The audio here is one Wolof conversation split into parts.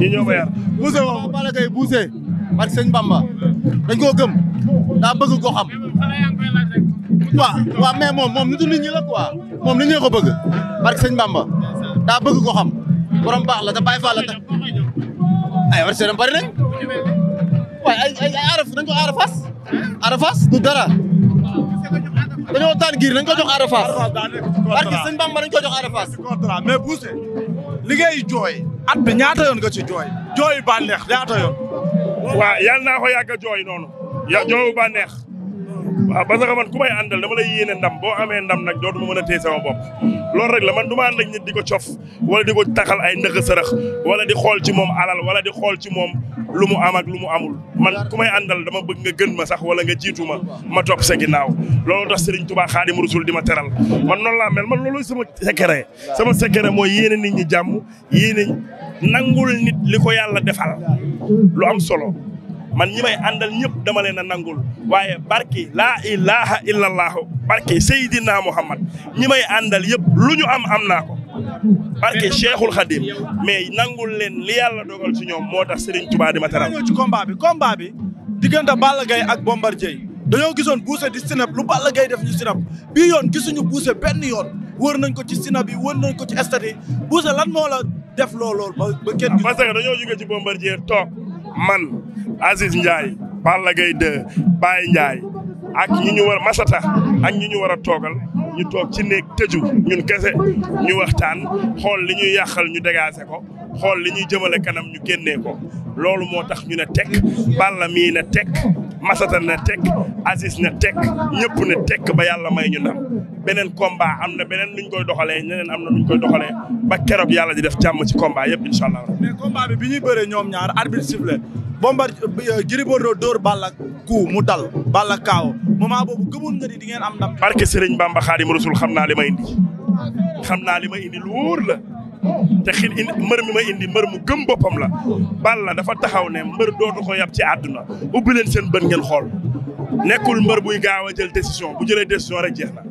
ñu ñëw ba yar buuse wax Balla Bamba dañ koo gëm daa bëgg ko xam waaw moom moom nitu nit ñi la quoi moom nit ñee ko bëgg barke sëñ Bamba daa bëgg ko xam borom baax la te bàyyi fa la ay war seeram bari nañ waaye ay ay araf dañ ko arafas arafas du dara dañoo taan giir dañ ko jox arafas barke sëñ Bamba dañ ko jox arafas mais buuse li jooy at bi ñaata yoon nga ci jooy jooyu bànneex ñaata yoon waaw yal naa ko yàgg a jooy noonu ya jooyu bànneex waaw parce que man ku may àndal dama lay yéene ndam boo amee ndam nag dootul mën a téye sama bopp loolu rek la man du ma ànd ak nit di ko cof wala di ko taxal ay ndëgg sërëx wala di xool ci moom alal wala di xool ci moom lu mu am lu mu amul man ku may àndal dama bëgg nga gën ma sax wala nga jiitu ma ma topp sa ginnaaw loolu tax Serigne Touba Xaadim Rasul di ma teral man noonu laa mel man loolu sama secret sama secret mooy yéene nit ñi jàmm yéene nangul nit li ko yàlla defal lu am solo man ñi may àndal ñëpp dama leen a nangul waaye barki laa ilaha illallahu barki Seydina Muhammad ñi may àndal yëpp lu ñu am am naa ko barke Cheikhul Khadim mais nangul leen li yàlla dogal si ñoom moo tax Serigne Touba di ma teral ñëw ci combat bi combat bi diggante Balla Gaye ak Bombardier dañoo gisoon buuse di sinab lu Balla gay def ñu sinab bii yoon gisuñu buuse benn yoon wër nañ ko ci sinab yi wër nañ ko ci stade yi buuse lan moo la def loolu lool ba kenn ah, parce que dañoo man Aziz Ndiaye Balla Gaye 2 Baye Ndiaye ak ñi ñu war Masata ak ñu ñu war a toogal ñu toog ci néeg tëju ñun kese ñu waxtaan xool li ñuy yàqal ñu dégaase ko xool li ñuy jëmale kanam ñu génnee ko loolu moo tax ñu ne tekk Balla mii ne tekk Masata ne tekk Aziz ne tekk ñëpp ne tekk ba yàlla may ñu ndam beneen combat am na beneen nuñ koy doxalee ñeneen am na nuñ koy doxalee ba keroog yàlla di def jàmm ci combat yëpp incha allah. mais bi bi ñuy bëree ñoom ñaar arbitre sifflé bombar euh, Gris Bordeaux dóor Balla ku mu dal Balla kaaw moment boobu gëmoon nga ni di ngeen am ndam. barke Serigne Bamba Xaadimu Rasuul xam naa li indi xam naa li may indi lu wóor la. te xin indi mbër mi ma indi mbër mu gëm boppam la bal la dafa taxaw ne mbër dootu ko yab ci àdduna ubbi leen seen bët ngeen xool nekkul mbër buy gaaw a jël décision bu jëlee décision rek jeex na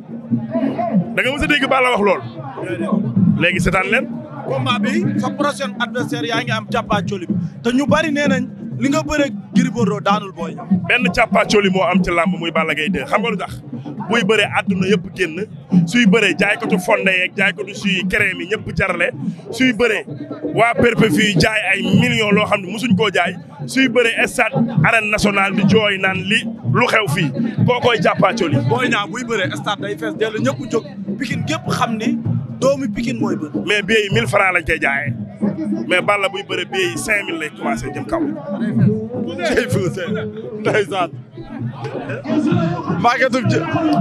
da nga mës a dégg Balla wax lool léegi seetaan leen combat bi sa prochain adversaire yaa ngi am càppaacoli bi te ñu bari nee nañ li nga bëre Gris Bordeaux daanul booy benn càppaacoli moo am ci làmb muy Balla Gaye 2 xam nga lu tax buy bëree àdduna yëpp génn suy bëree jaaykatu fonde yeeg jaaykatu suy crème yi ñëpp jarale suy bëree waa perpe fii jaay ay millions loo xam ne mosuñ koo jaay suy bëree stade arène nationale di jooy naan li lu xew fii koo koy jàppaacol yi booy naa buy bëree stade day fees dellu ñëpp jóg pikin gépp xam ni doomu pikin mooy bër mais billets yi 1000 francs lañ koy jaayee mais Balla buy bëre billets yi 5000 lay commencé jëm kaw jëy fi ndeysaan maa